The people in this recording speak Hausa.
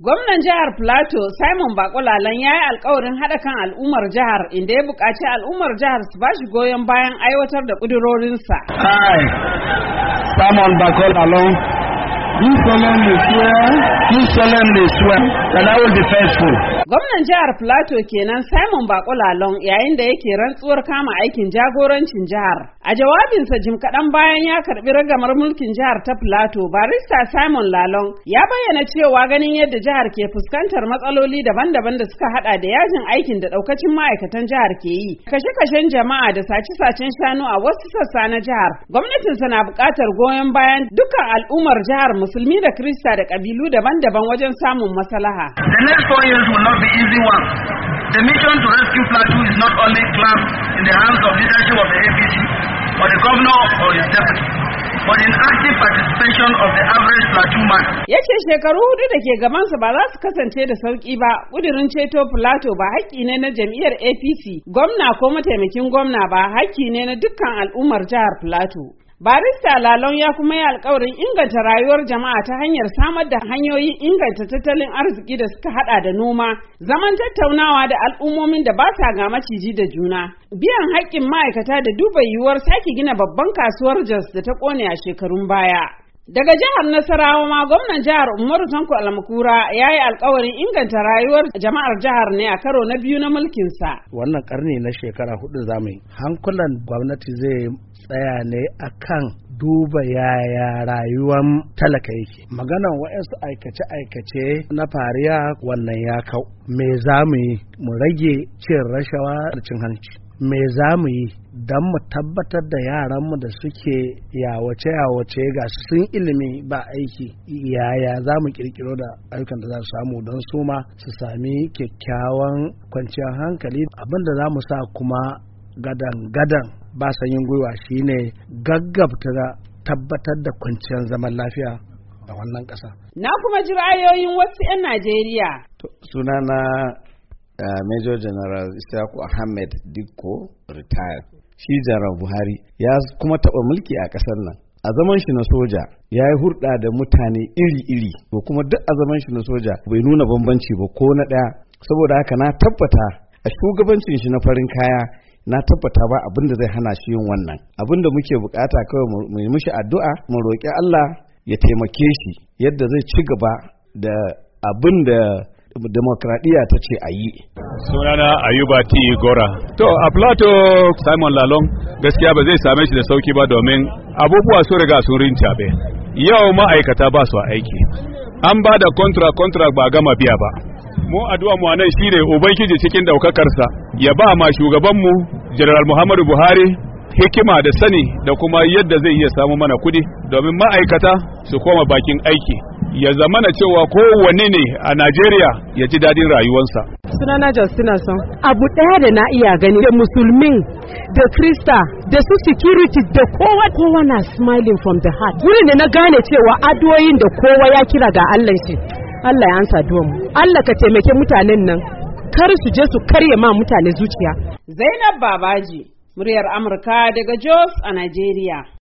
Gwamnan jihar Plateau Simon Bakulalan ya yi alkawarin haɗa kan al'ummar jihar inda ya buƙaci al'ummar jihar su bashi goyon bayan aiwatar da ƙudurorinsa. Hi, Simon Bakulalan, Gwamnan jihar Plateau kenan Simon Bakulalon yayin da yake rantsuwar kama aikin jagorancin jihar. A jawabinsa jim kaɗan bayan ya karɓi ragamar mulkin jihar ta Plateau, barista Simon Lalong ya bayyana cewa ganin yadda jihar ke fuskantar matsaloli daban-daban da suka hada da yajin aikin da ɗaukacin ma'aikatan jihar ke yi, kashe-kashen jama'a da sace-sacen shanu a wasu sassa na jihar. Gwamnatinsa na buƙatar goyon bayan dukkan al'ummar jihar musulmi da Kirista da ƙabilu daban-daban wajen samun maslaha. The next four years will not be easy one. The mission to rescue Plateau is not only clamped in the hands of leadership of the APC or the governor or his deputy. But in active participation of the average Plateau man. Ya ce shekaru hudu da ke gabansa ba za su kasance da sauƙi ba, ƙudurin ceto Plateau ba haƙƙi ne na jam'iyyar APC, gwamna ko mataimakin gwamna ba haƙƙi ne na dukkan al'ummar jihar Plateau. barista lalon ya kuma yi alkawarin inganta rayuwar jama'a ta hanyar samar da hanyoyin inganta tattalin arziki da suka hada da noma zaman tattaunawa da al'ummomin da ba sa ga maciji da juna biyan haƙƙin ma'aikata da duba yiwuwar sake gina babban kasuwar jos da ta kone a shekarun baya Daga jihar Nasarawa ma gwamnan jihar Umaru Tanko Almakura ya yi alkawarin inganta rayuwar jama'ar jihar ne a karo na biyu na mulkinsa. Wannan karni na shekara hudu zamu yi. Hankulan gwamnati zai tsaya ne akan duba yaya rayuwar talaka yake. Maganan wa'yansu aikace-aikace na fariya wannan ya kau. Me za mu yi mu rage cin rashawa da cin hanci. me za mu yi don mu tabbatar da yaranmu da suke yawace yawace ga sun ilimi ba aiki yaya za mu kirkiro da ayyukan da za su samu don su ma su sami kyakkyawan kwanciyar hankali abinda za mu sa kuma gadan gadan ba sanyin gwiwa shine gaggabta tabbatar da kwanciyar zaman lafiya a wannan ƙasa. Na kuma ji ra'ayoyin wasu 'yan Najeriya. Sunana uh, Major General Isaku Ahmed Dikko retired. Shi General Buhari ya kuma taɓa mulki a ƙasar nan. A zaman shi na soja ya yi hurɗa da mutane iri-iri, ko kuma duk a zaman shi na soja bai nuna bambanci ba ko na ɗaya. Saboda haka na tabbata a shugabancin shi na farin kaya na tabbata ba abin da zai hana shi yin wannan. Abin da muke bukata kawai mu yi mishi addu'a mu roƙi Allah ya taimake shi yadda zai ci gaba da abin da demokradiyya ta ce a yi. Sunana Ayuba ti Gora. To, a Plato Simon Lalong gaskiya ba zai same shi da sauki ba domin abubuwa sun riga sun rincabe. Yau ma'aikata ba su aiki. An ba da kontra kontra ba gama biya ba. Mu addu'a mu nan shine Ubangiji cikin daukakarsa ya ba ma shugabanmu General Muhammadu Buhari hikima da sani da kuma yadda zai iya samu mana kudi domin ma'aikata su koma bakin aiki. ya zamana cewa kowanne ne a Najeriya ya ji daɗin rayuwarsa. Sunana Justina son. Abu ɗaya da na iya gani da musulmi da krista da su security da kowa kowa na smiling from the heart. Wurin da na gane cewa adoyin da kowa ya kira ga Allah shi. Allah ya ansa duwan mu. Allah ka taimake mutanen nan. Kar su je su karya ma mutane zuciya. Zainab Babaji, muryar Amurka daga Jos a Najeriya.